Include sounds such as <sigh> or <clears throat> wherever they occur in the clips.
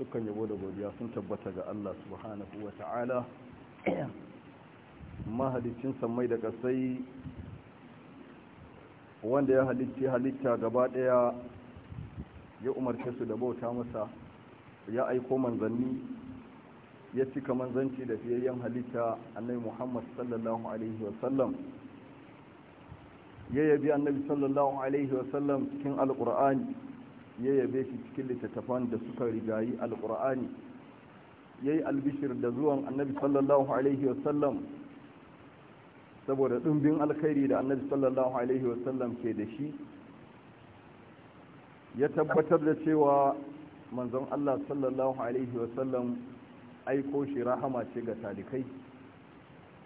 dukkan yabo da godiya sun tabbata ga Allah subhanahu wa ta'ala <clears throat> mahalicin samai da kasai wanda ya halicci halitta gaba daya ya umarce su da bauta masa ya aiko manzanni ya cika manzanci da fiyayyen halitta annai Muhammad sallallahu alaihi wa ya yabi annabi sallallahu alaihi wa cikin alkur'ani ya yabe shi cikin littattafan da suka rigayi alkur'ani ya yi albishir da zuwan annabi sallallahu alaihi wasallam saboda ɗumbin alkhairi da annabi sallallahu alaihi wasallam ke da shi ya tabbatar da cewa manzon allah sallallahu alaihi wasallam aiko shi rahama ce ga talikai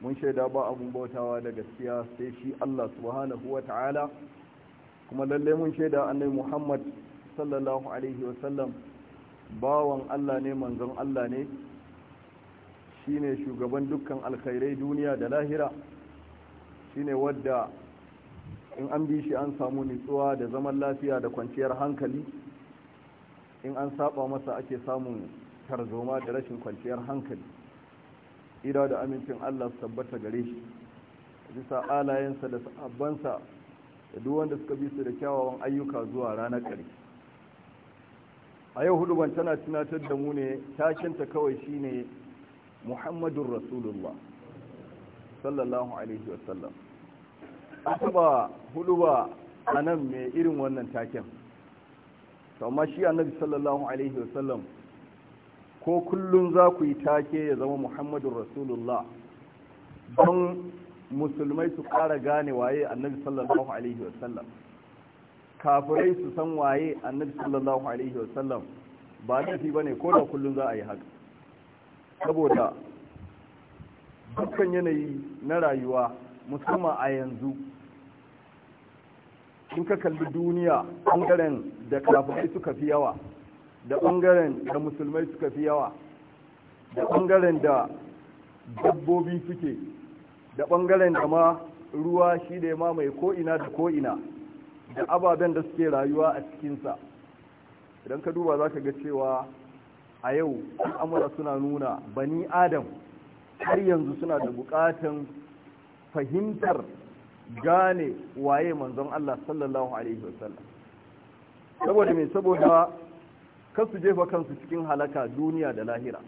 mun shaida ba abun bautawa da gaskiya sai shi allah subhanahu wa ta'ala kuma lallai mun shaida annabi muhammad sallallahu alaihi wasallam bawan Allah ne manzon Allah ne shine shugaban dukkan alkhairai duniya da lahira shine wadda in an bi shi an samu nutsuwa da zaman lafiya da kwanciyar hankali in an saba masa ake samun tarzoma da rashin kwanciyar hankali ira da amincin Allah su tabbata gare shi bisa alayensa da sabbansa da duk wanda suka bi su da kyawawan ayyuka zuwa ranar ƙarshe a yau huduban tana tunatar da mu ne takinta kawai shine muhammadun rasulullah sallallahu alaihi wasallam a taba huduba a nan mai irin wannan takin amma shi annabi sallallahu alaihi wasallam ko kullum za ku yi take ya zama muhammadun rasulullah don musulmai su ƙara gane waye annabi sallallahu alaihi wasallam kafirai su san waye annabi sallallahu alaihi wasallam ba laifi bane ko da kullun za a yi haka saboda dukkan yanayi na rayuwa musamman a yanzu in ka kalli duniya ɓangaren da kafirai suka fi yawa da ɓangaren da musulmai suka fi yawa da ɓangaren da dabbobi suke da ɓangaren da ma ruwa shi da ma mamaye ko'ina da ko'ina da ababen da suke rayuwa a cikinsa idan ka duba za ka ga cewa a yau al'amura suna nuna bani adam har yanzu suna da bukatan fahimtar gane waye manzon Allah sallallahu alaihi wasallam saboda mai saboda kansu jefa kansu cikin halaka duniya da lahira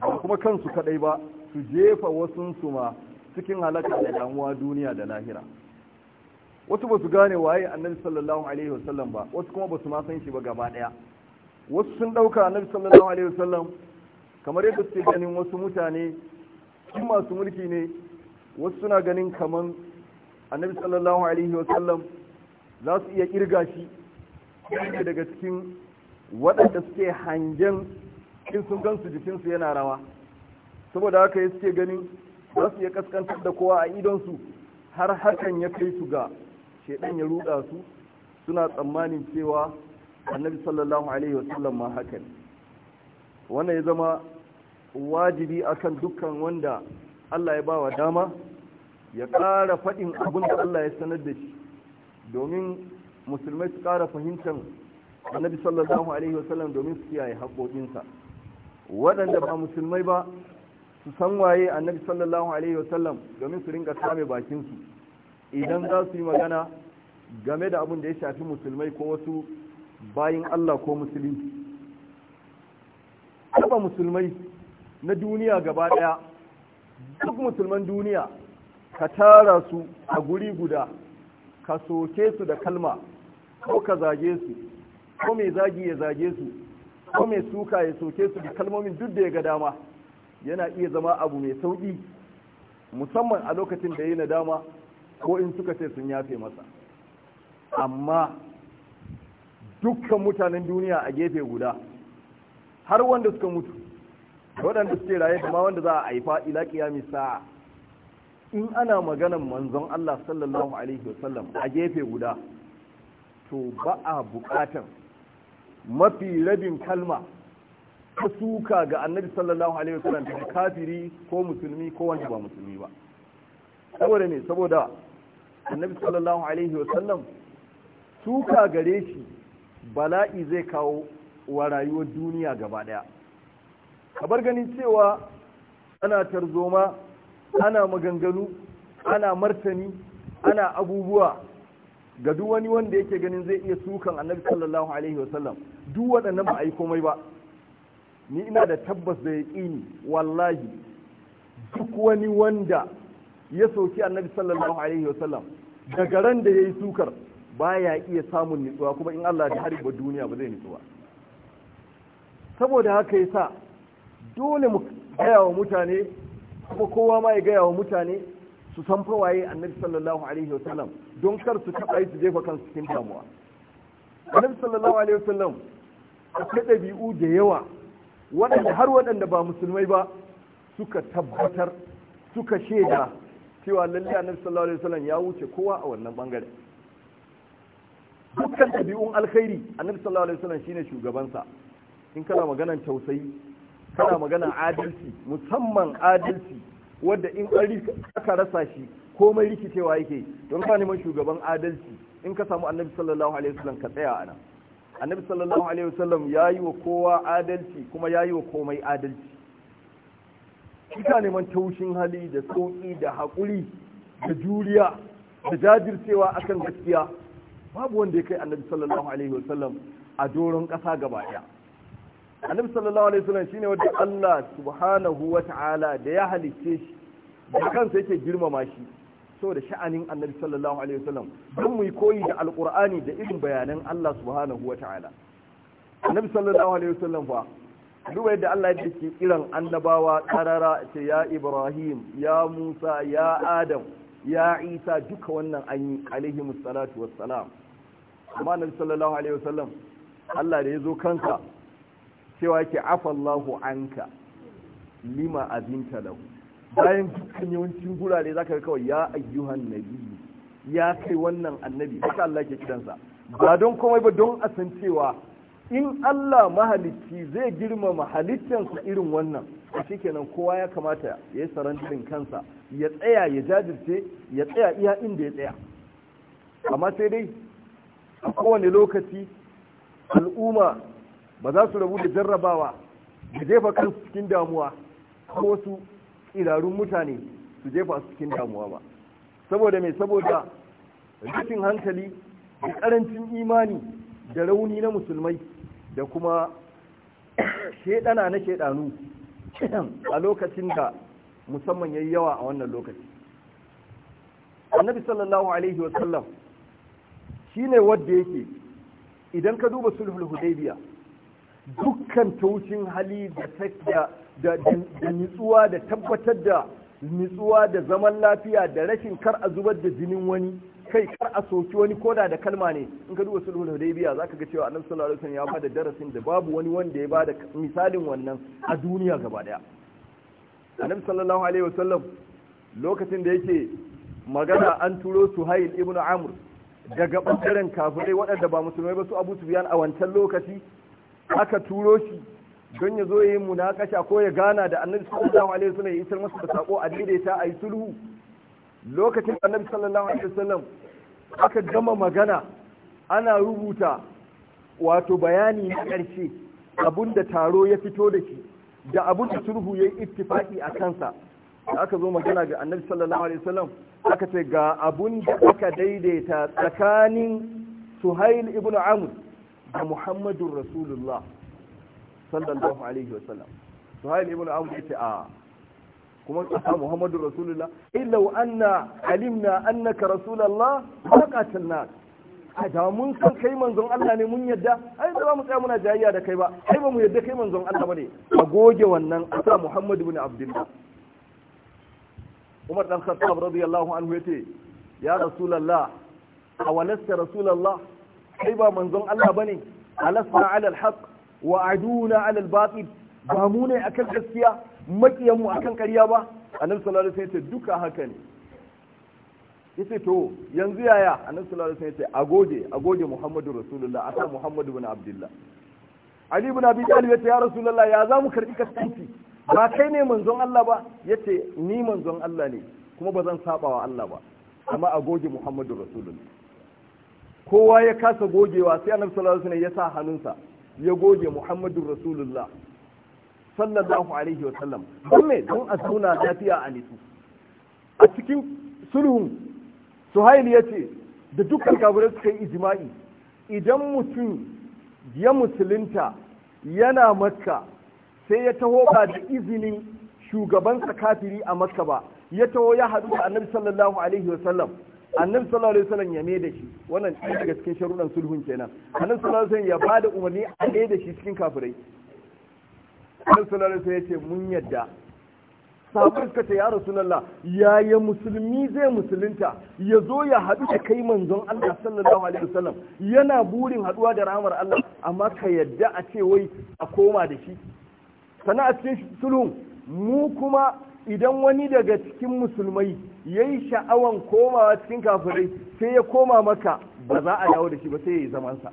ba kuma kansu kadai ba su jefa wasunsu ma cikin halaka da damuwa duniya da lahira wasu ba su gane waye annabi sallallahu alaihi wasallam ba wasu kuma ba su ma san shi ba gaba daya wasu sun dauka annabi sallallahu alaihi wasallam kamar yadda suke ganin wasu mutane su masu mulki ne wasu suna ganin kaman annabi sallallahu alaihi wasallam za su iya kirga shi daga cikin waɗanda suke hangen in sun gansu jikinsu yana rawa saboda haka ya suke ganin za su iya kaskantar da kowa a idonsu har hakan ya kai su ga shaidan ya ruda su suna tsammanin cewa annabi sallallahu alaihi wasallam ma haka ne wannan ya zama wajibi akan dukkan wanda Allah ya bawa dama ya ƙara faɗin abin da Allah ya sanar da shi domin musulmai su ƙara fahimtar annabi sallallahu alaihi wasallam domin su kiyaye haƙoƙinsa waɗanda ba musulmai ba su san waye annabi sallallahu alaihi wasallam domin su ringa same bakinsu idan za su yi magana game da abin da ya shafi musulmai ko wasu bayin Allah ko musulmi kaba musulmai na duniya gaba ɗaya, duk musulman duniya ka tara su a guri guda ka soke su da kalma ko ka zage su ko mai zagi ya zage su ko mai suka ya soke su da kalmomin duk da ya ga dama yana iya zama abu mai sauƙi musamman a lokacin da ya yi dama ko in suka ce sun yafe masa amma dukkan mutanen duniya a gefe guda har wanda suka mutu waɗanda suke raye kuma wanda za a haifa ila kiyami sa'a in ana maganan manzon Allah sallallahu alaihi wasallam a gefe guda to ba a buƙatar mafi rabin kalma ta suka ga annabi sallallahu alaihi wasallam ta kafiri ko musulmi ko wanda ba musulmi ba saboda ne saboda annabi sallallahu alaihi wasallam suka gare shi bala'i zai kawo wa rayuwar duniya gaba daya kabar ganin cewa ana tarzoma ana maganganu ana martani ana abubuwa ga duk wani wanda yake ganin zai iya sukan annabi sallallahu alaihi wasallam duk waɗannan ba a yi komai ba ni ina da tabbas da yaƙini wallahi duk wani wanda ya soki annabi sallallahu alaihi wa sallam daga ran da yayi sukar baya iya samun nitsuwa kuma in Allah da harba duniya ba zai nitsuwa saboda haka yasa dole mu gaya wa mutane kuma kowa ma ya gaya wa mutane su san waye annabi sallallahu alaihi wa sallam don kar su taɓa su jefa kansu cikin damuwa annabi sallallahu alaihi wa sallam akwai ɗabi'u da yawa waɗanda har waɗanda ba musulmai ba suka tabbatar suka shaida cewa lalle annabi sallallahu alaihi wasallam ya wuce kowa a wannan bangare dukkan ɗabi'un alkhairi annabi sallallahu alaihi wasallam shine shugabansa in kana maganar tausayi kana maganar adalci musamman adalci wanda in aka rasa shi komai rikicewa yake don ka neman shugaban adalci in ka samu annabi sallallahu alaihi wasallam ka tsaya a nan annabi sallallahu alaihi wasallam yayi wa kowa adalci kuma yayi wa komai adalci ita neman taushin hali da sauki da haƙuri da juriya da jajircewa akan gaskiya babu wanda ya kai annabi sallallahu alaihi wasallam a doron ƙasa gaba ɗaya annabi sallallahu alaihi wasallam shine wanda Allah subhanahu wa ta'ala da ya halicce shi da kansa yake girmama shi saboda sha'anin annabi sallallahu alaihi wasallam don mu yi koyi da alqur'ani da irin bayanan Allah subhanahu wa ta'ala. annabi sallallahu alaihi wasallam fa duba da Allah ya ce kiran annabawa karara ce ya Ibrahim ya Musa ya Adam ya Isa duka wannan an yi alaihi musallatu wassalam amma annabi sallallahu alaihi wasallam Allah da yazo kanka cewa yake afallahu anka lima azinta lahu bayan dukkan yawancin gurare zaka ga kawai ya ayyuhan nabi ya kai wannan annabi haka Allah ke kiransa ba don komai ba don a san cewa. in Allah mahalicci zai girmama halittansa irin wannan a shikenan kowa ya kamata ya yi sarandirin kansa ya tsaya ya jajirce ya tsaya iya inda ya tsaya amma sai dai a kowane lokaci al'umma ba za su rabu da jarrabawa da jefa kansu cikin damuwa ko wasu irarun mutane su jefa su cikin damuwa ba saboda mai saboda rikin hankali da ƙarancin imani da rauni na musulmai da kuma <coughs> shedana na shedanu <coughs> a lokacin da musamman yayi yawa a wannan lokaci annabi sallallahu alaihi wasallam shine wanda yake idan ka duba sulhul hudaybiya dukkan taucin hali da da nitsuwa da tabbatar da nitsuwa da zaman lafiya da rashin kar a zubar da jinin wani kai kar a soki wani koda da kalma ne in ka duba sulhul hudaybiya zaka ga cewa annabi sallallahu alaihi wasallam ya bada darasin da babu wani wanda ya bada misalin wannan a duniya gaba daya annabi sallallahu alaihi wasallam lokacin da yake magana an turo suhail Ibn amr daga bangaren kafirai waɗanda ba musulmai ba su abu sufyan a wancan lokaci aka turo shi don ya zo ya yi munakasha ko ya gana da annabi sallallahu alaihi wasallam ya isar masa da sako a daidaita a yi sulhu lokacin annabi sallallahu alaihi wasallam aka gama magana ana rubuta wato bayani na ƙarshe abun da taro ya fito da shi da abun da sulhu ya yi ittifaki a kansa da aka zo magana ga annabi sallallahu alaihi wasallam aka ce ga abun da aka daidaita tsakanin suhail ibn amr da muhammadun rasulullah sallallahu alaihi wasallam suhail ibn amr ya ce a kuma kasa muhammadu rasulullah illau anna alimna annaka rasulallah ma qatalna a da mun san kai manzon Allah ne mun yadda ai ba mu tsaya muna jayayya da kai ba ai ba mu yadda kai manzon Allah bane a goge wannan asa muhammadu bin abdullah umar dan khattab radiyallahu anhu yace ya rasulullah awalasta rasulullah kai ba manzon Allah bane alasna ala alhaq wa aduna ala albatil ba mu ne akan gaskiya makiyanmu kan ƙarya ba annabi sallallahu alaihi wasallam duka haka ne yace to yanzu yaya annabi sallallahu alaihi wasallam a goge a goge muhammadu rasulullah asa muhammadu bin abdullah ali ibn abi talib yace ya rasulullah ya za mu karbi kaskanci ba kai ne manzon Allah ba yace ni manzon Allah ne kuma ba zan saba wa Allah ba amma a goge muhammadu rasulullah kowa ya kasa gogewa sai annabi sallallahu alaihi wasallam ya sa hannunsa ya goge muhammadu rasulullah sallallahu alaihi wa sallam don me don a zauna lafiya a nisu a cikin sulhun suhail ya ce da dukkan kafirai suka yi ijima'i idan mutum ya musulunta yana makka sai ya taho ba da izinin shugabansa kafiri a makka ba ya taho ya haɗu da annabi sallallahu alaihi wa sallam annabi sallallahu alaihi wasallam ya da shi wannan ɗaya daga cikin sharuɗan sulhun kenan annabi sallallahu alaihi wasallam ya bada umarni a da shi cikin kafirai kan sallallahu sai yace mun yadda sahabu ya yi yaya musulmi zai musulunta ya zo ya haɗu da kai manzon Allah sallallahu alaihi wasallam yana burin haɗuwa da rahmar Allah amma ka yadda a ce wai a koma da shi sana a cikin sulhun mu kuma idan wani daga cikin musulmai ya yi sha'awan komawa cikin kafirai sai ya koma maka ba za a dawo da shi ba sai ya yi zamansa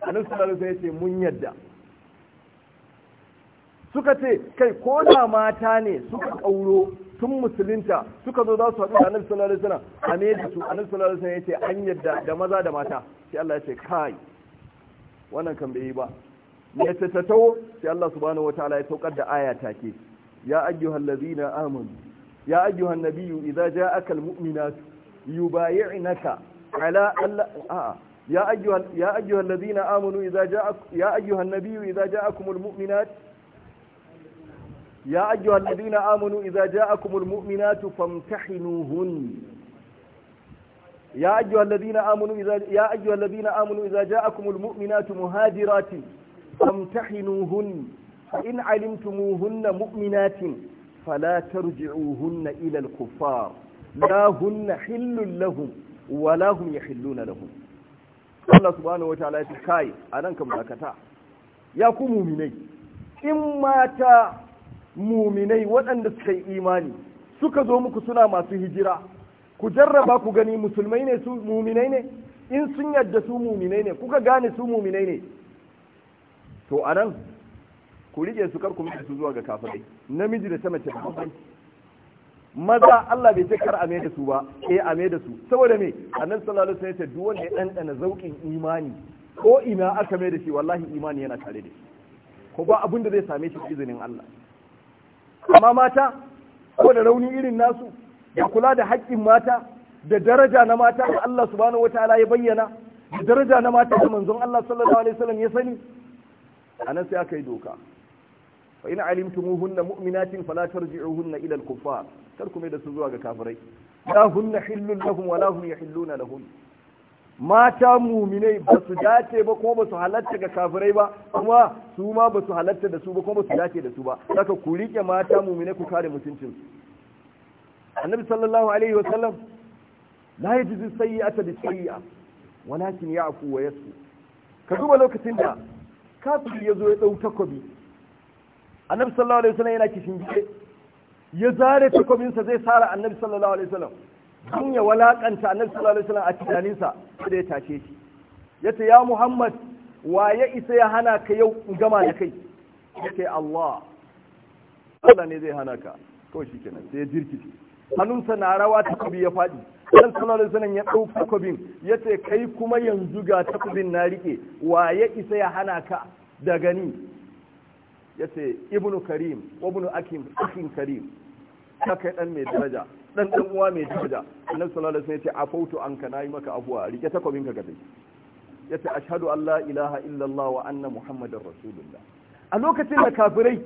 annabi sallallahu alaihi wasallam ya ce mun yadda suka ce kai ko da mata ne suka kauro sun musulunta suka zo za su haɗu da annabi sallallahu alaihi wasallam a me da su annabi sallallahu alaihi wasallam yace an yadda da maza da mata sai Allah ya ce kai wannan kan bai yi ba ne ta tatawo sai Allah subhanahu wataala ya saukar da aya take ya ayyuhal amanu ya ayyuhan idza ja'aka almu'minatu yubayyi'naka ala alla يا أيها يا يا أيها الذين آمنوا إذا جاءكم المؤمنات فامتحنوهن يا أيها الذين آمنوا إذا يا أيها الذين آمنوا إذا جاءكم المؤمنات مهاجرات فامتحنوهن فإن علمتموهن مؤمنات فلا ترجعوهن إلى الكفار لا هن حل لهم ولا هم يحلون لهم الله سبحانه وتعالى يتكاي أنا كم kai يا kam zakata إما ku muminai waɗanda suka yi imani suka zo muku suna masu hijira ku jarraba ku gani musulmai ne su muminai ne in sun yadda su muminai ne kuka gane su muminai ne to anan ku rike su kar ku mai su zuwa ga kafirai namiji da ta mace da maza Allah bai ce kar ame da su ba eh ame da su saboda me annabi sallallahu alaihi wasallam ya ce duk wanda ya dandana zaukin imani ko ina aka mai da shi wallahi imani yana tare da shi ko ba abin da zai same shi izinin Allah amma mata ko da rauni irin nasu ya kula da haƙƙin mata da daraja na mata da Allah subhanahu wataala ya bayyana da daraja na mata da manzon Allah sallallahu alaihi wasallam ya sani anan sai aka yi doka fa in alimtumuhunna mu'minatin fala tarji'uhunna ila al-kuffar kar kuma da su zuwa ga kafirai la hunna hillun lahum wa la hum yahilluna lahum mata muminai ba su dace ba kuma ba su halatta ga kafirai ba kuma su ma ba su halatta da su ba kuma ba su dace da su ba saka ku rike mata muminai ku kare mutuncin annabi sallallahu alaihi wasallam la yajizu sayyi'ata bi sayyi'a walakin ya'fu wa yasfu ka duba lokacin da kafiri ya zo ya dau takobi annabi sallallahu alaihi wasallam yana kishin ya zare sa zai sara annabi sallallahu alaihi wasallam an ya walakanta a sallallahu alaihi suna a tunaninsa da ya tashe shi yace ya Muhammad wa ya isa ya hana ka yau gama da kai yace Allah Allah ne zai hana ka kawai shikenan sai ya jirkice hannunsa na rawa ta takobi ya fadi dan sallallahu alaihi ya ɗau takobin yace kai kuma yanzu ga takobin na rike wa ya isa ya hana ka da gani yace ibnu karim wa ibnu akim akim karim ka kai dan mai daraja dan dan uwa mai daraja annabi sallallahu alaihi wasallam ya ce afautu anka nayi maka afuwa rike takobin ka gabe ya ce ashhadu an la ilaha illallah wa anna muhammadar rasulullah a lokacin da kafirai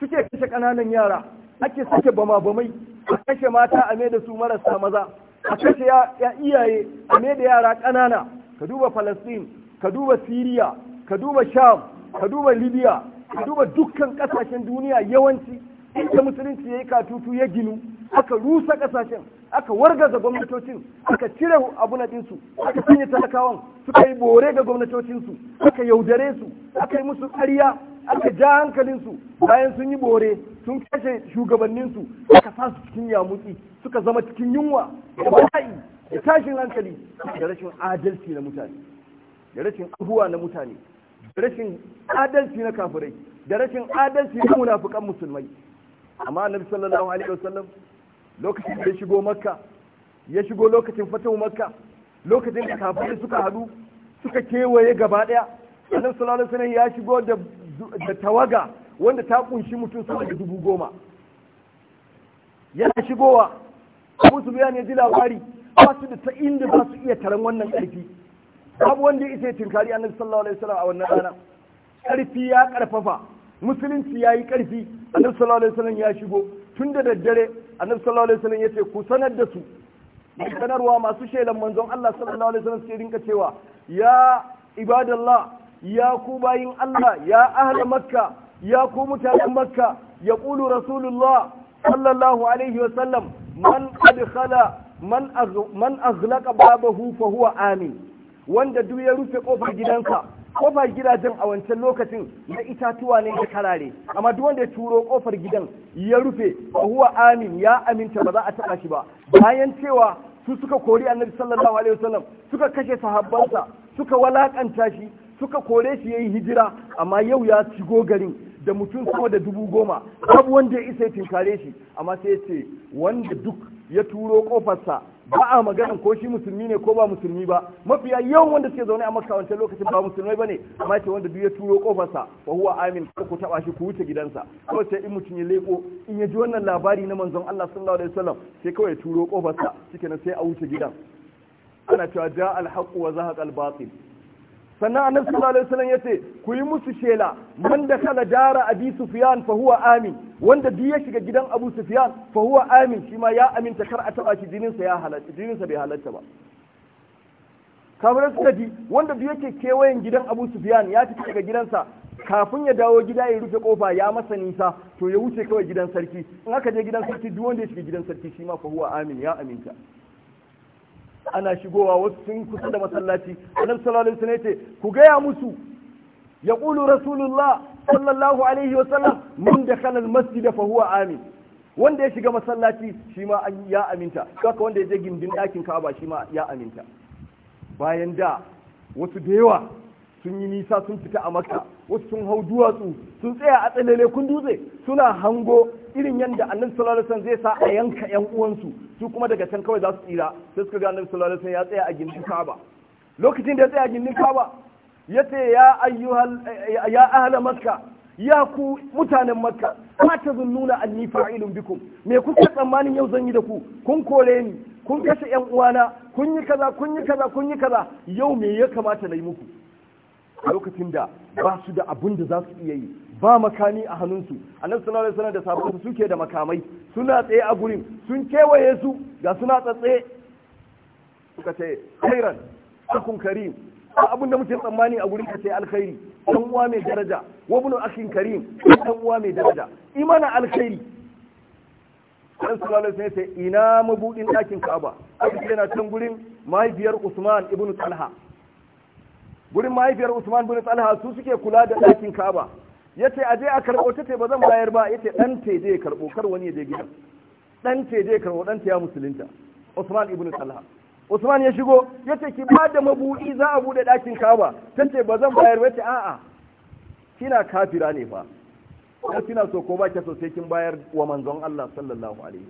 suke kashe kananan yara ake sake bama bamai a kashe mata a da su marasa maza a kashe ya iyaye a da yara kanana ka duba palestine ka duba syria ka duba sham ka duba libya ka duba dukkan kasashen duniya yawanci inda musulunci ya yi katutu ya ginu aka rusa kasashen aka wargaza gwamnatocin aka cire abuna ɗinsu aka sanya talakawan suka yi bore ga gwamnatocinsu aka yaudare su aka yi musu ƙarya aka ja hankalinsu bayan sun yi bore sun kashe shugabanninsu aka sa su cikin yamutsi suka zama cikin yunwa da bala'i da tashin hankali da rashin adalci na mutane da rashin abuwa na mutane da rashin adalci na kafirai da rashin adalci na munafukan musulmai amma annabi sallallahu alaihi wasallam lokacin da ya shigo makka ya shigo lokacin fatahu makka lokacin da kafin suka hadu suka kewaye gaba daya annabi sallallahu alaihi wasallam ya shigo da da tawaga wanda ta kunshi mutum sama da dubu goma yana shigowa abu su ya ji labari ba su da ta inda za su iya taron wannan karfi babu wanda ya isa ya tinkari annabi sallallahu alaihi wasallam a wannan rana Ƙarfi ya karfafa musulunci ya yi ƙarfi annabi sallallahu alaihi wasallam ya shigo tun da daddare annabi sallallahu alaihi wasallam ya ce ku sanar da su sanarwa masu shelan manzon Allah sallallahu alaihi wasallam sai rinka cewa ya ibadallah ya ku bayin Allah ya ahla makka ya ku mutanen makka yaqulu rasulullah sallallahu alaihi wasallam man adkhala man man aghlaqa babahu fa huwa amin wanda duk ya rufe kofar gidansa kofar gidajen a wancan lokacin na itatuwa ne da karare amma duk wanda ya turo kofar gidan ya rufe huwa amin ya aminta ba za a taba shi ba bayan cewa su suka kori annabi sallallahu alaihi wasallam suka kashe sahabbansa suka walakanta shi suka kore shi yayi hijira amma yau ya shigo garin da mutum sama da dubu goma babu wanda ya isa ya tinkare shi amma sai ya ce wanda duk ya turo kofarsa ba a magana ko shi musulmi ne ko ba musulmi ba mafiya yawan wanda suke zaune a makka wancan lokacin ba musulmai ne, amma ce wanda duk ya turo kofarsa wa huwa amin ko ku taba shi ku wuce gidansa ko sai in mutum ya leko in ya ji wannan labari na manzon Allah sallallahu alaihi wasallam sai kawai ya turo kofarsa shikenan sai a wuce gidan ana cewa ja al-haqq wa zahaqa batil sannan annabi sallallahu alaihi wasallam yace ku yi musu shela man da kala jara abi sufyan fa huwa amin wanda duk ya shiga gidan abu sufyan fa huwa amin shi ma ya aminta kar a taba shi jinin ya halatta bai halatta ba kafirai suka ji wanda duk yake kewayen gidan abu sufyan ya tafi daga gidansa kafin ya dawo gida ya rufe kofa ya masa nisa to ya wuce kawai gidan sarki in aka je gidan sarki duk wanda ya shiga gidan sarki shi ma fa huwa amin ya aminta ana shigowa wasu sun kusa da masallaci annabi sallallahu alaihi wasallam yace ku gaya musu ya qulu rasulullah sallallahu alaihi wasallam man dakhala almasjid fa huwa amin wanda ya shiga masallaci shi ma ya aminta kaka wanda ya je gindin dakin Ka'aba shi ma ya aminta bayan da wasu da yawa sun yi nisa sun fita a maka wasu sun hau duwatsu sun tsaya a tsalele kun dutse suna hango irin yadda annabi sallallahu alaihi zai sa a yanka yan uwansu su kuma daga can kawai za su tsira sai suka ga annabi sallallahu alaihi ya tsaya a gindin Ka'aba lokacin da ya tsaya a gindin Ka'aba ya ce ya ayyuhal ya ahla makka ya ku mutanen makka ma tazunnuna anni fa'ilun bikum me kuka tsammanin yau zan yi da ku kun kore ni kun kashe yan uwana kun yi kaza kun yi kaza kun yi kaza yau me ya kamata na yi muku a lokacin da ba su da abin da za su iya yi ba makami a hannunsu a nan suna sanar da sahabbansa suke da makamai suna tsaye a gurin sun kewaye su ga suna tsatsaye suka ce khairan akun karim abin da muke tsammani a gurin ka ce alkhairi dan uwa mai daraja wa ibn akhin karim dan uwa mai daraja imana alkhairi dan sallallahu alaihi sai, ina mabudin dakin Ka'aba cikin yana can gurin mahaifiyar Usman ibn Talha gurin mahaifiyar Usman bin Talha su suke kula da ɗakin Ka'aba yace a je a karɓo tace ba zan bayar ba yace dan te je ya karɓo kar wani ya je gidan dan te je ya karɓo dan ya musulunta Usman ibn Talha Usman ya shigo yace ki ba da mabu'i za a bude ɗakin Ka'aba tace ba zan bayar ba yace a'a kina kafira ne fa ko kina so ko ba ki so sai kin bayar wa manzon Allah sallallahu alaihi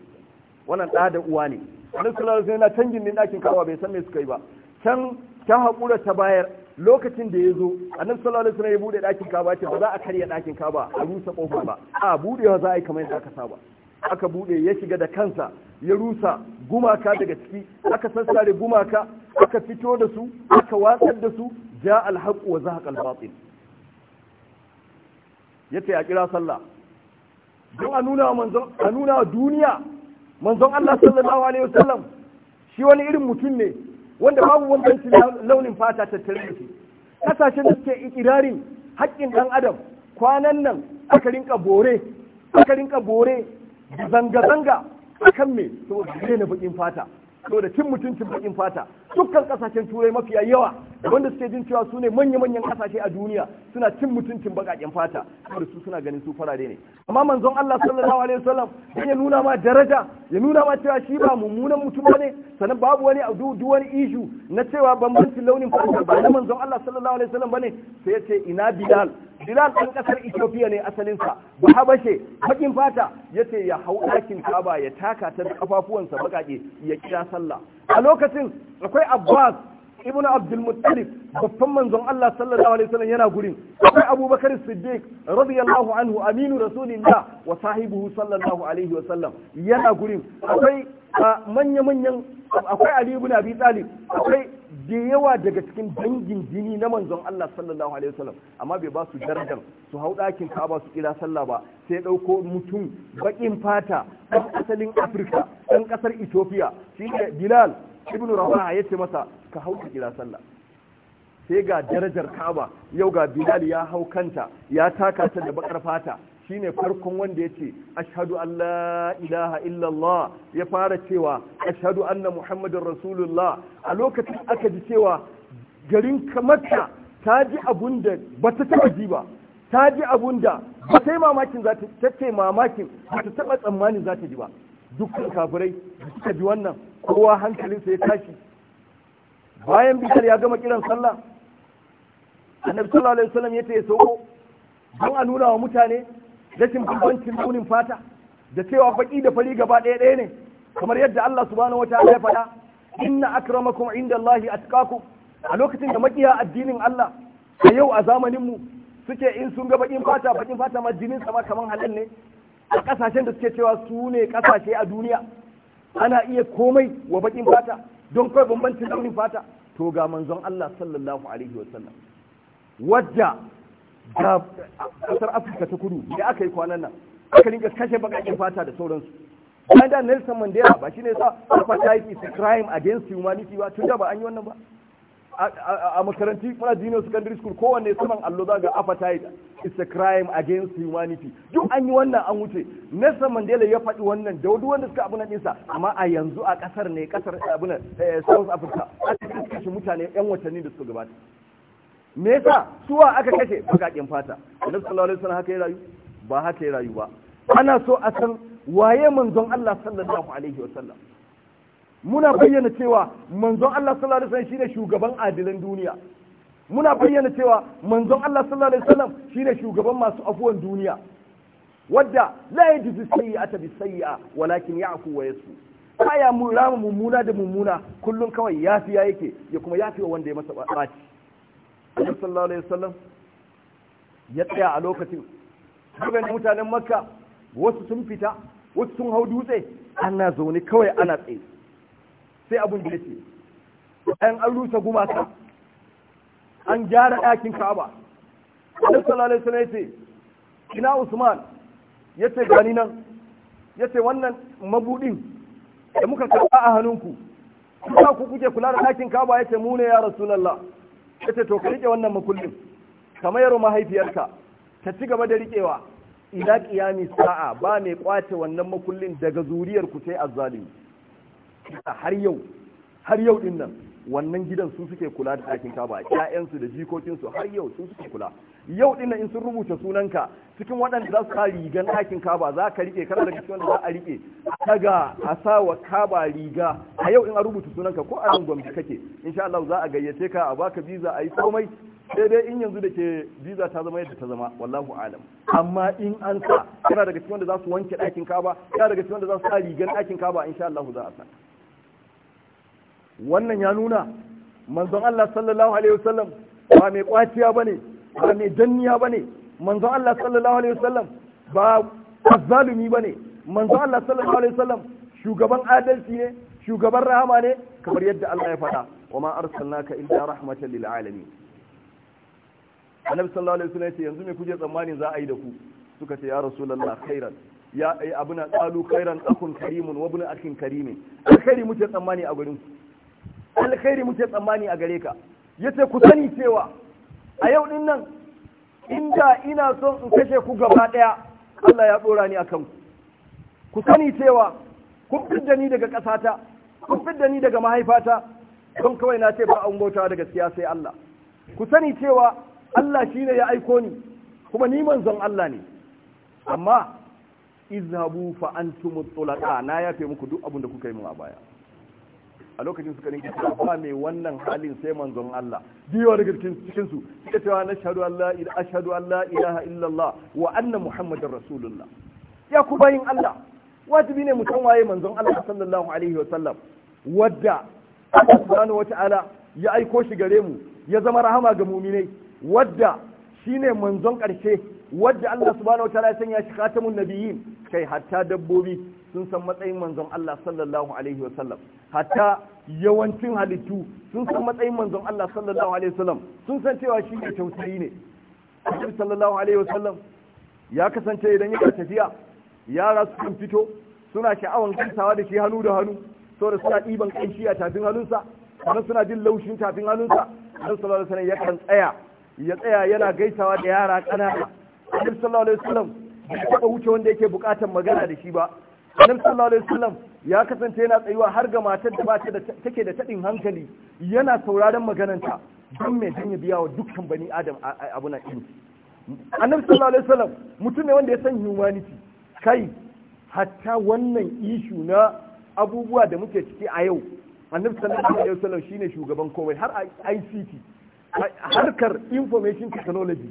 wannan da da uwa ne Annabi sallallahu alaihi wasallam na canjin din ɗakin Ka'aba bai san me suka yi ba can ta haƙura ta bayar lokacin da ya zo annabi sallallahu alaihi wasallam ya bude dakin kaba ce ba za a karya dakin kaba a rusa kofar ba a budewa za a yi kamar yadda aka saba aka bude ya shiga da kansa ya rusa gumaka daga ciki aka sassare gumaka aka fito da su aka watsar da su ja alhaq wa zahaq albatil yace a kira sallah don a nuna manzon a nuna duniya manzon Allah sallallahu alaihi wasallam shi wani irin mutum ne wanda babu bambanci launin fata tattare da shi kasashen da suke ikirarin haƙƙin ɗan adam kwanan nan aka rinka bore aka rinka bore zanga-zanga akan me saboda na baƙin fata saboda cin mutuncin bakin fata dukkan kasashen turai mafiya yawa wanda suke jin cewa su ne manya-manyan kasashe a duniya suna cin mutuncin bakaken fata saboda su suna ganin su farare ne amma manzon Allah sallallahu alaihi wasallam ya nuna ma daraja ya nuna ma cewa shi ba mummunan mutum bane sannan babu wani a duk wani ishu na cewa bambancin launin fata ba na manzon Allah sallallahu alaihi wasallam bane sai ya ce ina Bilal bilal ɗan ƙasar ethiopia ne asalinsa ba habashe bakin fata ya ce ya hau ɗakin kaba ya taka ta kafafuwansa baƙaƙe ya kira sallah a lokacin akwai abbas ibnu abdul muttalib babban manzon Allah sallallahu alaihi wasallam yana gurin akwai abubakar siddiq radiyallahu anhu aminu rasulillah wa sahibihi sallallahu alaihi wasallam yana gurin akwai manya-manyan akwai Ali ibn Abi Talib akwai da yawa daga cikin dangin jini na manzon Allah sallallahu alaihi wasallam amma bai ba su darajar su hau ɗakin Ka'aba su kira sallah ba sai ɗauko mutum baƙin fata ɗan asalin Afirka ɗan ƙasar Ethiopia ne Bilal ibn Rabah ya ce masa ka hau ka kira sallah sai ga darajar Ka'aba yau ga Bilal ya hau kanta ya taka ta da baƙar fata shine farkon wanda ya ce ashadu allah ilaha illallah ya fara cewa ashhadu anna muhammadin rasulullah a lokacin aka ji cewa garin kamata ta ji abun da ta taba ji ba ta ji abun da ba ta yi mamakin za ta ce mamakin ba ta taba tsammanin za ta ji ba dukkan kafirai da suka ji wannan kowa hankalinsa ya tashi bayan bishar ya gama kiran sallah annabi sallallahu alaihi wasallam ya ce ya sauko don a nuna wa mutane rashin bambancin launin fata da cewa baki da fari gaba ɗaya ɗaya ne kamar yadda Allah subhanahu wataala ya faɗa inna akramakum indallahi atqakum a lokacin da makiya addinin Allah a yau a zamanin mu suke in sun ga bakin fata bakin fata ma jinin sama kaman halin ne a kasashen da suke cewa su ne kasashe a duniya ana iya komai wa bakin fata don kawai bambancin launin fata to ga manzon Allah sallallahu alaihi wasallam wajja. kasar afirka ta kudu da aka yi kwanan nan aka rinka kashe bakakin fata da sauransu bayan da nelson mandela ba shine sa apartheid is a crime against humanity ba tun da ba an yi wannan ba a makaranti muna junior secondary school kowanne saman allo za ga apartheid is a crime against humanity duk an yi wannan an wuce Nelson Mandela ya faɗi wannan da duk wanda suka abu na ɗinsa amma a yanzu a ƙasar ne ƙasar abu na eh, South Africa a cikin mutane 'yan watanni da suka gabata me yasa suwa aka kashe bakakin fata annabi sallallahu alaihi wasallam haka ya rayu ba haka ya rayu ba ana so a san waye manzon Allah sallallahu alaihi wasallam muna bayyana cewa manzon Allah sallallahu alaihi wasallam shine shugaban adilan duniya muna bayyana cewa manzon Allah sallallahu alaihi wasallam shine shugaban masu afuwan duniya wadda la yajuzu sayyi'ata bis sayyi'a walakin ya'fu wa yasfu aya mu ramu mummuna da mummuna kullun kawai yafiya yake ya kuma yafi wa wanda ya masa baci sallallahu alaihi wasallam ya tsaya a lokacin daga mutanen makka wasu sun fita wasu sun hau dutse ana zaune kawai ana tsaye sai abun da yake an an rusa gumaka an gyara ɗakin ka'aba sallallahu alaihi wasallam yace ina Usman yace gani nan yace wannan mabudin da muka karba a hannunku kuma ku kuke kula da ɗakin ka'aba yace mu ne ya Rasulullah ya ce to ka riƙe wannan makullin kamar yaro mahaifiyarka ta ci gaba da riƙewa Ina ƙiyami sa'a ba mai kwace wannan makullin daga zuriyar ku sai azzalimi har yau har yau din nan wannan gidan su suke kula da ɗakin kaba ƴaƴansu da jikokinsu har yau su suke kula yau din in sun rubuta sunanka cikin waɗanda za su sa rigan ɗakin kaba za ka riƙe? kana daga cikin za a riƙe daga a sa wa kaba riga a yau in a rubuta sunanka ko a nan gwamnati kake insha Allah za a gayyace ka a baka visa a yi komai sai dai in yanzu da ke visa ta zama yadda ta zama wallahu alam amma in an sa kana daga cikin wanda za su wanke ɗakin kaba kana daga cikin wanda za su sa rigan ɗakin kaba insha Allah za a sa wannan ya nuna manzon Allah sallallahu alaihi wasallam ba mai kwaciya bane ba mai danniya ba ne manzon Allah sallallahu alaihi wasallam ba azzalumi ba ne manzon Allah sallallahu alaihi wasallam shugaban adalci ne shugaban rahama ne kamar yadda Allah ya faɗa wa ma arsalnaka illa rahmatan lil alamin annabi sallallahu alaihi wasallam ya ce yanzu me kuje tsammani za a yi da ku suka ce ya rasulullah khairan ya eh, abuna qalu khairan akun karimun wa ibn akhin karimin alkhairi muke tsammani a gurin alkhairi muke tsammani a gare ka yace ku sani cewa a yau din nan inda ina son in kashe ku gaba ɗaya Allah ya ɗora ni a kanku ku sani cewa kun fidda ni daga kasata kun fidda ni daga mahaifata don kawai na ce ba an bauta daga siyasa Allah ku sani cewa Allah shine ya aiko ni kuma ni manzon Allah ne amma izhabu fa antum tulaqa na yafe muku duk abin da kuka yi mun a baya a lokacin suka rinke cewa ba mai wannan halin sai manzon Allah biyo daga cikin su suka cewa na shahadu Allah ila ashhadu Allah ilaha illallah wa anna muhammadar rasulullah ya ku bayin Allah wajibi ne mutum waye manzon Allah sallallahu alaihi wa sallam wadda Allah subhanahu ya aiko shi gare mu ya zama rahama ga muminai wadda shine manzon karshe wadda Allah subhanahu wata'ala ya sanya shi khatamun nabiyyin kai hatta dabbobi sun san matsayin manzon Allah sallallahu alaihi wasallam hatta yawancin halittu sun san matsayin manzon Allah sallallahu alaihi wasallam sun san cewa shi ne tausayi ne Annabi sallallahu alaihi wasallam ya kasance idan yana tafiya yara su kan fito suna sha'awan kantawa da shi hannu da hannu da suna ɗiban kanshi a tafin hannunsa kuma suna jin laushin tafin hannunsa Annabi sallallahu alaihi wasallam yakan tsaya ya tsaya yana gaisawa da yara ƙanana Annabi sallallahu alaihi wasallam bai taɓa wuce wanda yake buƙatar magana da shi ba annabi sallallahu alaihi wasallam ya kasance yana tsayuwa har ga matar da bata da take da tadin hankali yana sauraron magananta don me dan ya biya wa dukkan bani adam abu na ilmi annabi sallallahu alaihi wasallam mutum ne wanda ya san humanity kai hatta wannan ishu na abubuwa da muke ciki a yau annabi sallallahu alaihi wasallam shine shugaban komai har ICT harkar information technology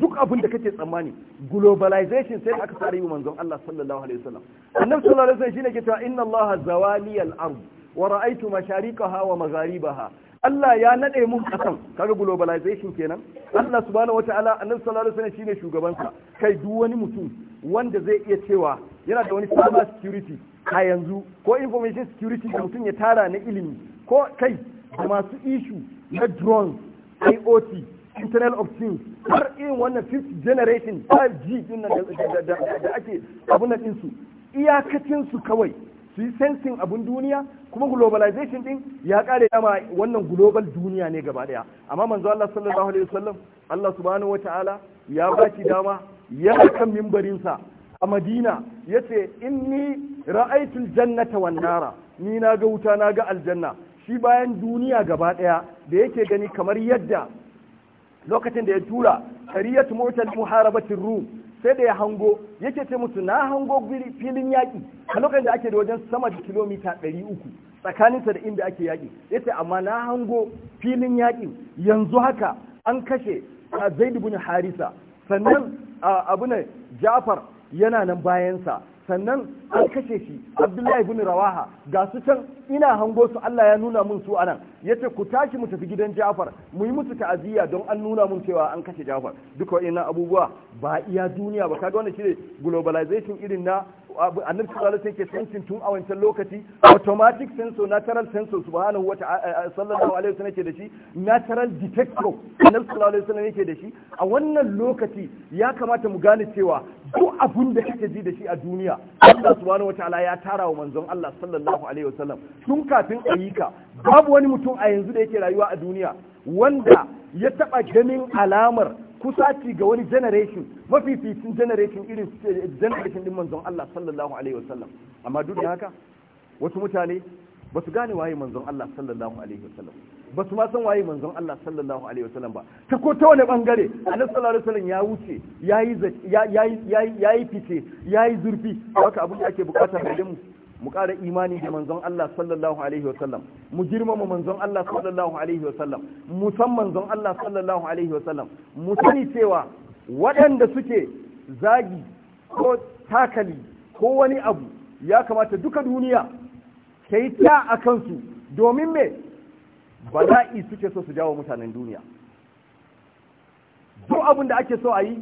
duk abin da kake tsammani globalization sai aka fara yi manzon Allah sallallahu alaihi wasallam annabi sallallahu alaihi wasallam shine ke cewa inna Allah zawali al-ard wa ra'aytu mashariqaha wa magharibaha Allah ya nade mun kasan kaga globalization kenan Allah subhanahu wataala annabi sallallahu alaihi wasallam shine shugaban sa kai duk wani mutum wanda zai iya cewa yana da wani cyber security a yanzu ko information security da mutum ya tara na ilimi ko kai da masu issue na drones IoT Internet of Things har irin wannan fifth generation 5G din da ake abun nan ɗinsu iyakacin kawai su yi sensin abun duniya kuma globalization din ya kare dama wannan global duniya ne gaba daya amma manzo Allah sallallahu alaihi wasallam Allah subhanahu wataala ya baki dama ya kan mimbarinsa a Madina yace inni ra'aytul jannata wan nara ni na ga wuta na ga aljanna shi bayan duniya gaba ɗaya da yake gani kamar yadda lokacin da ya tura kariyatu mutal muharabatin rum sai da ya hango yake ce musu na hango filin yaƙi a lokacin da ake da wajen sama da kilomita ɗari uku tsakaninsa da inda ake yaƙi ya ce amma na hango filin yaƙi yanzu haka an kashe zaid bin harisa sannan abu ne jafar yana nan bayansa sannan an kashe shi abdullahi ibn rawaha ga su can ina hango su Allah ya nuna mun su anan Ya ce ku tashi mu tafi gidan Jafar mu yi musu ta'aziyya don an nuna mun cewa an kashe Jafar duka wa'annan abubuwa ba iya duniya ba kaga wannan shine globalization irin na annabi sallallahu alaihi yake sensing tun a wancan lokaci automatic sensor natural sensor subhanahu wata'ala eh, sallallahu alaihi wasallam yake da shi natural detector annabi sallallahu alaihi wasallam yake da shi a wannan lokaci ya kamata mu gane cewa duk abun da kake ji da shi a duniya Allah subhanahu wata'ala ya tara wa manzon Allah sallallahu alaihi wasallam tun kafin ayyuka babu wani mutum a yanzu da yake rayuwa a duniya wanda ya taba ganin alamar kusaci ga wani generation mafificin generation irin eh, generation din manzon Allah sallallahu alaihi wasallam amma duk da haka wasu mutane ba su gane waye manzon Allah sallallahu alaihi wasallam ba su ma san waye manzon Allah sallallahu alaihi wasallam ba ta ko ta wani bangare Annabi sallallahu alaihi wasallam ya wuce yayi yayi yayi yayi fice yayi zurfi haka abin da ake bukata ga mu mu ƙara imani da manzon Allah sallallahu alaihi wasallam mu girmama manzon Allah sallallahu alaihi wasallam mu san manzon Allah sallallahu alaihi wasallam mu sani cewa waɗanda suke zagi ko takali ko wani abu ya kamata duka duniya ta yi ta a kansu domin me bala'i suke so su jawo mutanen duniya duk abin da ake so a yi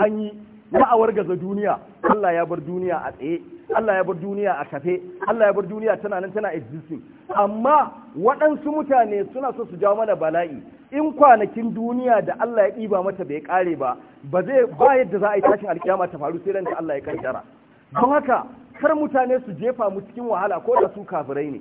an yi ma'awar gaza duniya Allah ya bar duniya a tsaye Allah ya bar duniya a kafe Allah ya bar duniya tana nan tana existing amma waɗansu mutane suna so su jawo mana bala'i in kwanakin duniya da Allah ya ɗiba mata bai ƙare ba ba zai ba yadda za a yi tashin alkiyama ta faru sai ran da Allah ya kaddara don haka kar mutane su jefa mu cikin wahala ko da su kafirai ne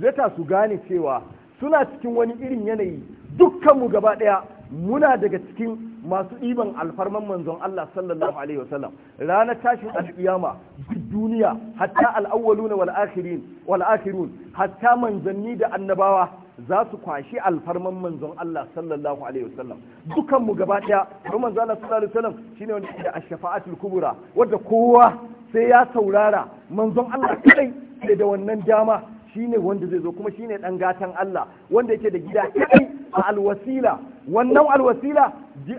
zata su gane cewa suna cikin wani irin yanayi dukkan mu gaba ɗaya muna daga cikin masu ɗiban alfarman manzon Allah sallallahu alaihi wasallam ranar tashin alƙiyama duk duniya hatta al'awwaluna wal akhirin hatta manzanni da annabawa za su kwashi alfarman manzon Allah sallallahu alaihi wasallam dukan mu gaba daya har manzon Allah sallallahu alaihi wasallam shine wanda da ash-shafa'atul kubura wadda kowa sai ya saurara manzon Allah kadai da wannan dama shine wanda zai zo kuma shine dan gatan Allah wanda yake da gida kadai a alwasila wannan alwasila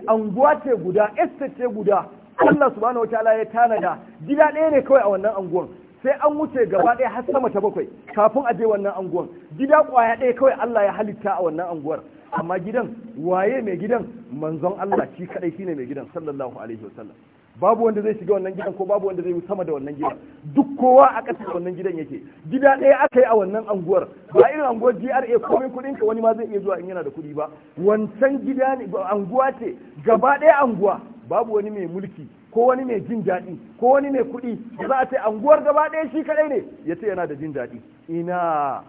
anguwa ce guda estate ce guda Allah subhanahu ta'ala ya tanada gida ɗaya ne kawai a wannan anguwan sai an wuce gaba ɗaya har sama ta bakwai kafin a je wannan anguwan gida ƙwaya ɗaya kawai Allah ya halitta a wannan anguwar amma gidan waye mai gidan manzon Allah shi kadai shine mai gidan sallallahu alaihi wasallam babu wanda zai shiga wannan gidan ko babu wanda zai sama da wannan gidan duk kowa a ƙasa wannan gidan yake gida ɗaya aka yi a wannan anguwar ba irin anguwar GRA komai kuɗin ka wani ma zai iya zuwa in yana da kuɗi ba wancan gida ne anguwa ce gaba ɗaya anguwa babu wani mai mulki ko wani mai jin daɗi ko wani mai kuɗi da za a ce anguwar gaba ɗaya shi kaɗai ne ya ce yana da jin daɗi ina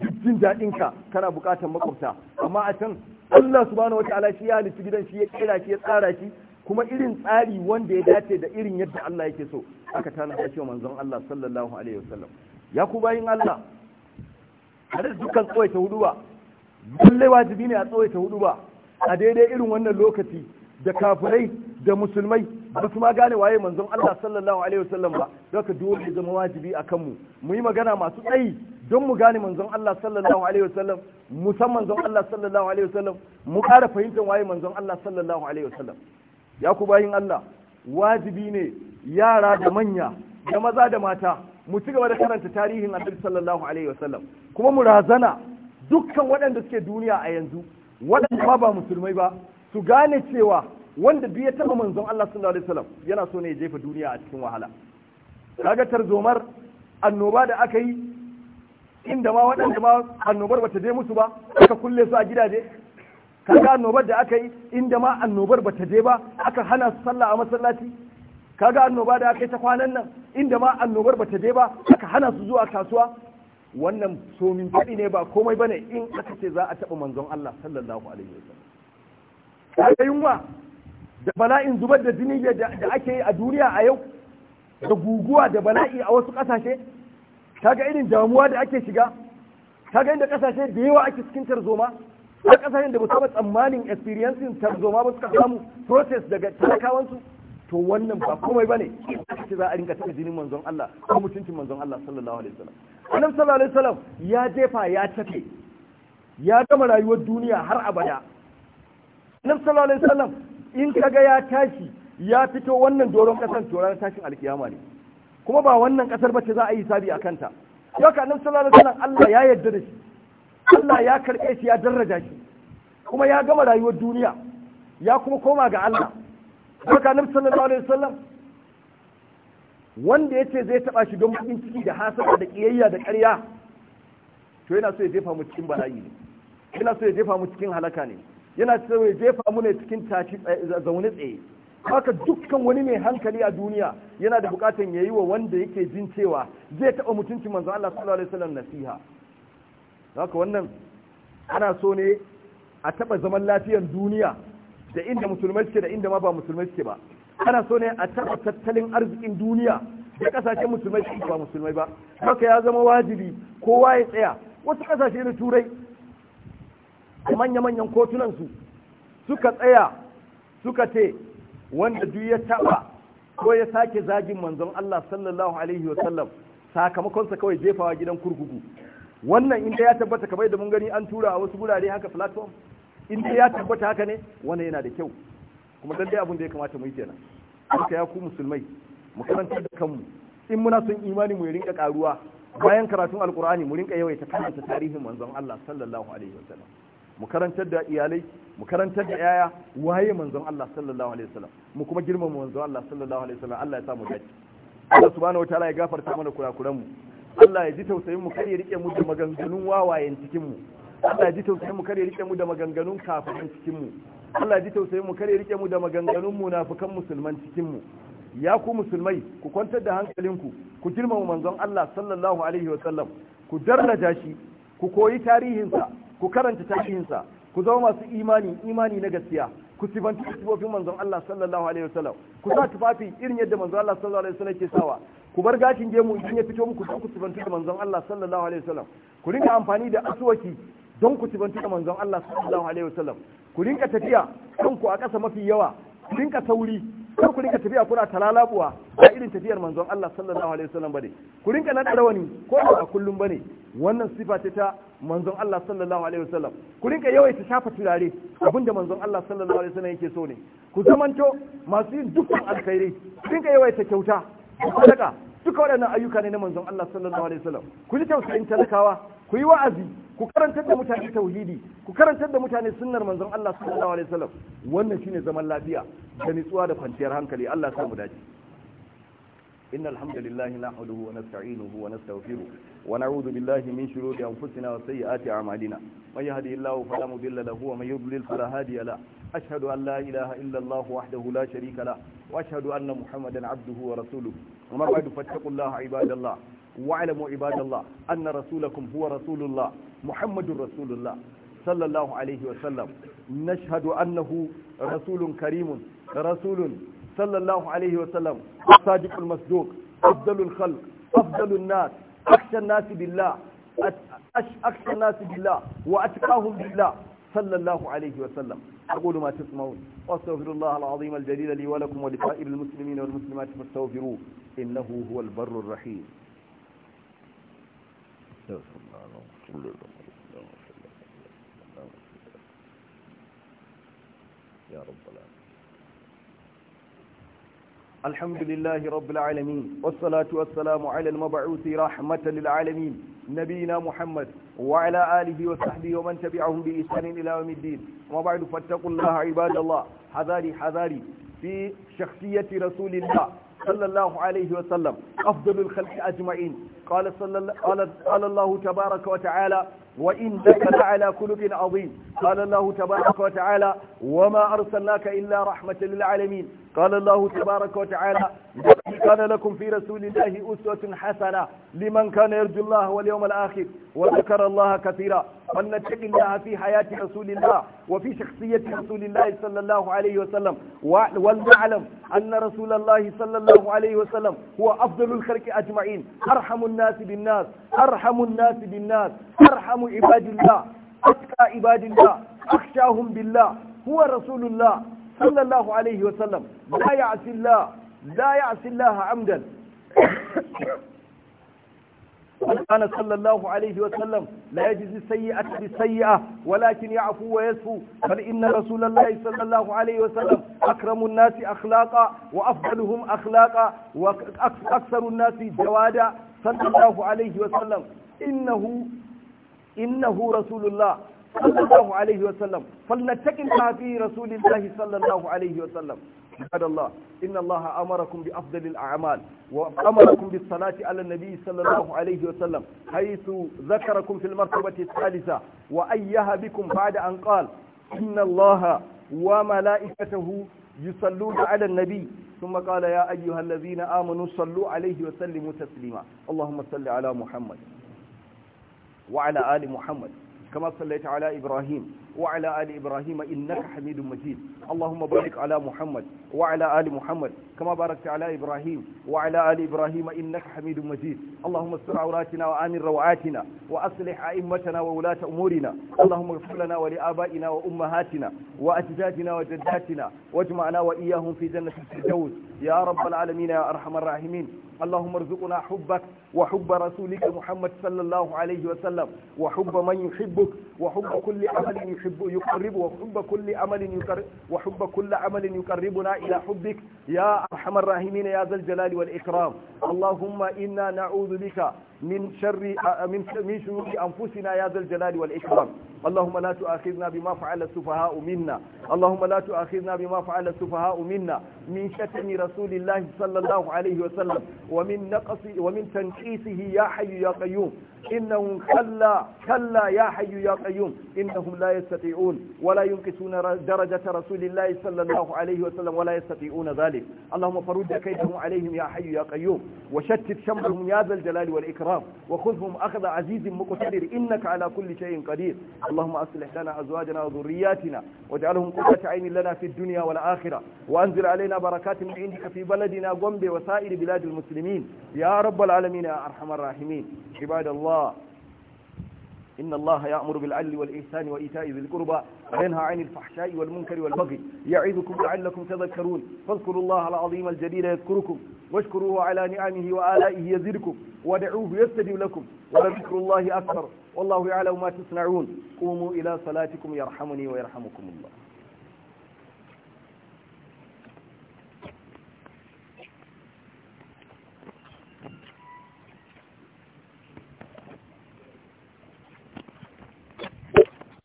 duk jin ka kana buƙatar makwabta amma a can Allah subhanahu wa ta'ala shi ya halicci gidan shi ya kera shi ya tsara shi kuma irin tsari wanda ya dace da irin yadda Allah yake so aka tana shi cewa manzon Allah sallallahu alaihi wasallam ya ku bayin Allah har dukkan tsawaita ta ba lalle wajibi ne a tsawaita ta ba a daidai irin wannan lokaci da kafirai da musulmai ba su ma gane waye manzon Allah sallallahu alaihi wasallam ba zaka dole zama wajibi a kanmu mu yi magana masu tsayi don mu gane manzon Allah sallallahu alaihi wasallam musamman manzon Allah sallallahu alaihi wasallam mu ƙara fahimtar waye manzon Allah sallallahu alaihi wasallam ya ku bayin Allah wajibi ne yara da manya da maza da mata mu ci gaba da karanta tarihin annabi sallallahu alaihi wasallam kuma mu razana dukkan waɗanda suke duniya a yanzu waɗanda ma ba musulmai ba su gane cewa wanda biya ya manzon Allah sallallahu alaihi wasallam yana so ne ya jefa duniya a cikin wahala kaga tarzomar annoba da aka yi inda ma waɗanda ma annobar bata je musu ba aka kulle su a gidaje kaga annobar da aka yi inda ma annobar bata je ba aka hana su sallah a masallaci kaga annoba da aka yi ta kwanan nan inda ma annobar bata je ba aka hana su zuwa kasuwa wannan somin faɗi ne ba komai bane in aka ce za a taɓa manzon Allah sallallahu alaihi wasallam kaga yunwa da bala'in zubar da jini da ake yi a duniya a yau da guguwa da bala'i a wasu ƙasashe kaga irin damuwa da ake shiga kaga inda ƙasashe da yawa ake cikin tarzoma a kasashen da ba taɓa tsammanin experiencing tarzoma ba suka samu process daga talakawansu to wannan ba komai ne ce za a rinka taɓa jinin manzon Allah ko mutuncin manzon Allah sallallahu alaihi wasallam annabi sallallahu alaihi wasallam ya jefa ya take, ya gama rayuwar duniya har abada annabi sallallahu alaihi wasallam in kaga ya tashi ya fito wannan doron kasan to ranar tashin alkiyama ne kuma ba wannan kasar bace za a yi sabi a kanta yau ka annabi sallallahu alaihi wasallam Allah ya yarda da shi Allah ya karɓe shi ya daraja shi kuma ya gama rayuwar duniya ya kuma koma ga Allah haka nabi sallallahu alaihi wasallam wanda yace zai taba shi don bakin ciki da hasada da kiyayya da ƙarya to yana so ya jefa mu cikin barayi ne yana so ya jefa mu cikin halaka ne yana so ya jefa mu ne cikin tashi eh, zaune tsaye haka dukkan wani mai hankali a duniya yana da bukatan yayi wa wanda yake jin cewa zai taba mutuncin manzo Allah sallallahu alaihi wasallam nasiha haka wannan ana so ne a taba zaman lafiyar duniya da inda musulmai suke da inda ma ba musulmai suke ba ana so ne a taba tattalin arzikin duniya da kasashen musulmai suke ba musulmai ba haka ya zama wajibi kowa ya tsaya wasu kasashe na turai a manya-manyan kotunansu suka tsaya suka ce wanda duk ya taba ko ya sake zagin manzon Allah sallallahu alaihi wa sallam sakamakonsa kawai jefawa gidan kurkuku wannan inda ya tabbata kamar da mun gani an tura a wasu gurare haka platform inda ya tabbata haka ne wannan yana da kyau kuma dan dai abin da ya kamata mu yi kenan haka ya ku musulmai mu karanta da kanmu in muna son imani mu rinka karuwa bayan karatun alqur'ani mu rinka yawaita karanta tarihin manzon Allah sallallahu alaihi wasallam mu karanta da iyalai mu karanta da yaya waye manzon Allah sallallahu alaihi wasallam mu kuma girmama manzon Allah sallallahu alaihi wasallam Allah ya sa mu dace Allah subhanahu wataala ya gafarta mana kurakuran mu Allah ya ji tausayin mu kar ya rike mu da maganganun wawayen cikin mu Allah ya ji tausayin mu kar ya rike mu da maganganun kafirin cikin mu Allah ya ji tausayin mu kar ya rike mu da maganganun munafikan musulman cikin mu ya ku musulmai ku kwantar da hankalinku ku girmama manzon Allah sallallahu alaihi wa sallam ku darraja shi ku koyi tarihinsa ku karanta tarihinsa ku zama masu imani imani na gaskiya ku sifanci sifofin manzon Allah sallallahu alaihi wa sallam. ku sa tufafi irin yadda manzon Allah sallallahu alaihi wa sallam ke sawa ku bar gashin gemu idan ya fito muku don ku sifantu da manzon Allah sallallahu alaihi wasallam ku rinka amfani da aswaki don ku sifantu da manzon Allah sallallahu alaihi wasallam ku rinka tafiya ku a ƙasa mafi yawa ku rinka sauri kar ku rinka tafiya kuna talalabuwa a irin tafiyar manzon Allah sallallahu alaihi wasallam bane ku rinka nada rawani ko a kullum bane wannan sifa ce ta manzon Allah sallallahu alaihi wasallam ku rinka yawaita shafa turare abinda manzon Allah sallallahu alaihi wasallam yake so ne ku zamanto masu yin dukkan alkhairi ku rinka yawaita kyauta sadaka duka waɗannan ayyuka ne na manzon Allah sallallahu alaihi wasallam ku ji tausayin talakawa ku yi wa'azi ku karantar da mutane tauhidi ku karantar da mutane sunnar manzon Allah sallallahu alaihi wasallam wannan shine zaman lafiya da nutsuwa da kwanciyar hankali Allah ya mu dace إن الحمد لله نحمده ونستعينه ونستغفره ونعوذ بالله من شرور أنفسنا وسيئات أعمالنا من يهدي الله فلا مضل له ومن يضلل فلا هادي له أشهد أن لا إله إلا الله وحده لا شريك له وأشهد أن محمدا عبده ورسوله وما بعد فاتقوا الله عباد الله واعلموا عباد الله أن رسولكم هو رسول الله محمد رسول الله صلى الله عليه وسلم نشهد أنه رسول كريم رسول صلى الله عليه وسلم الصادق المصدوق أفضل الخلق أفضل الناس أخشى الناس بالله أخشى الناس بالله وأتقاهم بالله صلى الله عليه وسلم أقول ما تسمعون وأستغفر الله العظيم الجليل لي ولكم ولسائر المسلمين والمسلمات فاستغفروه إنه هو البر الرحيم يا رب الحمد لله رب العالمين والصلاة والسلام على المبعوث رحمة للعالمين نبينا محمد وعلى آله وصحبه ومن تبعهم بإحسان إلى يوم الدين وبعد فاتقوا الله عباد الله حذاري حذاري في شخصية رسول الله صلى الله عليه وسلم أفضل الخلق أجمعين قال, صلى الله قال, قال الله تبارك وتعالى وإنك لعلى خلق عظيم قال الله تبارك وتعالى وما أرسلناك إلا رحمة للعالمين قال الله تبارك وتعالى كان لكم في رسول الله أسوة حسنة لمن كان يرجو الله واليوم الآخر وذكر الله كثيرا فلنتق الله في حياة رسول الله وفي شخصية رسول الله صلى الله عليه وسلم ولنعلم أن رسول الله صلى الله عليه وسلم هو أفضل الخلق أجمعين أرحم الناس بالناس أرحم الناس بالناس أرحم عباد الله أتقى عباد الله أخشاهم بالله هو رسول الله صلى الله عليه وسلم لا يعصي الله لا يعصي الله عمدا كان صلى الله عليه وسلم لا يجزي السيئة بالسيئة ولكن يعفو ويسفو إن رسول الله صلى الله عليه وسلم أكرم الناس أخلاقا وأفضلهم أخلاقا وأكثر الناس جوادا صلى الله عليه وسلم إنه إنه رسول الله صلى الله عليه وسلم فلنتقن ما في رسول الله صلى الله عليه وسلم عباد الله إن الله أمركم بأفضل الأعمال وأمركم بالصلاة على النبي صلى الله عليه وسلم حيث ذكركم في المرتبة الثالثة وأيها بكم بعد أن قال إن الله وملائكته يصلون على النبي ثم قال يا أيها الذين آمنوا صلوا عليه وسلموا تسليما اللهم صل على محمد وعلى آل محمد كما صليت على إبراهيم وعلى آل إبراهيم إنك حميد مجيد اللهم بارك على محمد وعلى آل محمد كما باركت على إبراهيم وعلى آل إبراهيم إنك حميد مجيد اللهم استر عوراتنا وآمن روعاتنا وأصلح أئمتنا وولاة أمورنا اللهم اغفر لنا ولآبائنا وأمهاتنا وأجدادنا وجداتنا واجمعنا وإياهم في جنة الفردوس يا رب العالمين يا أرحم الراحمين اللهم ارزقنا حبك وحب رسولك محمد صلى الله عليه وسلم وحب من يحبك وحب كل عمل يحب يقرب وحب كل عمل يقرب وحب كل عمل يقربنا إلى حبك يا أرحم الراحمين يا ذا الجلال والإكرام اللهم إنا نعوذ بك من شر آه، من من شرور أنفسنا يا ذا الجلال والإكرام اللهم لا تؤاخذنا بما فعل السفهاء منا اللهم لا تؤاخذنا بما فعل السفهاء منا من شتم رسول الله صلى الله عليه وسلم ومن نقص ومن تنقيصه يا حي يا قيوم إنهم كلا كلا يا حي يا قيوم إنهم لا يستطيعون ولا ينقصون درجة رسول الله صلى الله عليه وسلم ولا يستطيعون ذلك اللهم فرد كيدهم عليهم يا حي يا قيوم وشتت شملهم يا ذا الجلال والإكرام وخذهم أخذ عزيز مقتدر إنك على كل شيء قدير اللهم أصلح لنا أزواجنا وذرياتنا واجعلهم قرة عين لنا في الدنيا والآخرة وأنزل علينا بركات من عندك في بلدنا قنبي وسائر بلاد المسلمين يا رب العالمين يا أرحم الراحمين عباد الله إن الله يأمر بالعدل والإحسان وإيتاء ذي القربى وينهى عن الفحشاء والمنكر والبغي يعيذكم لعلكم تذكرون فاذكروا الله العظيم الجليل يذكركم واشكروه على نعمه وآلائه يزدكم ودعوه يستجب لكم ولذكر الله أكبر والله يعلم ما تصنعون قوموا إلى صلاتكم يرحمني ويرحمكم الله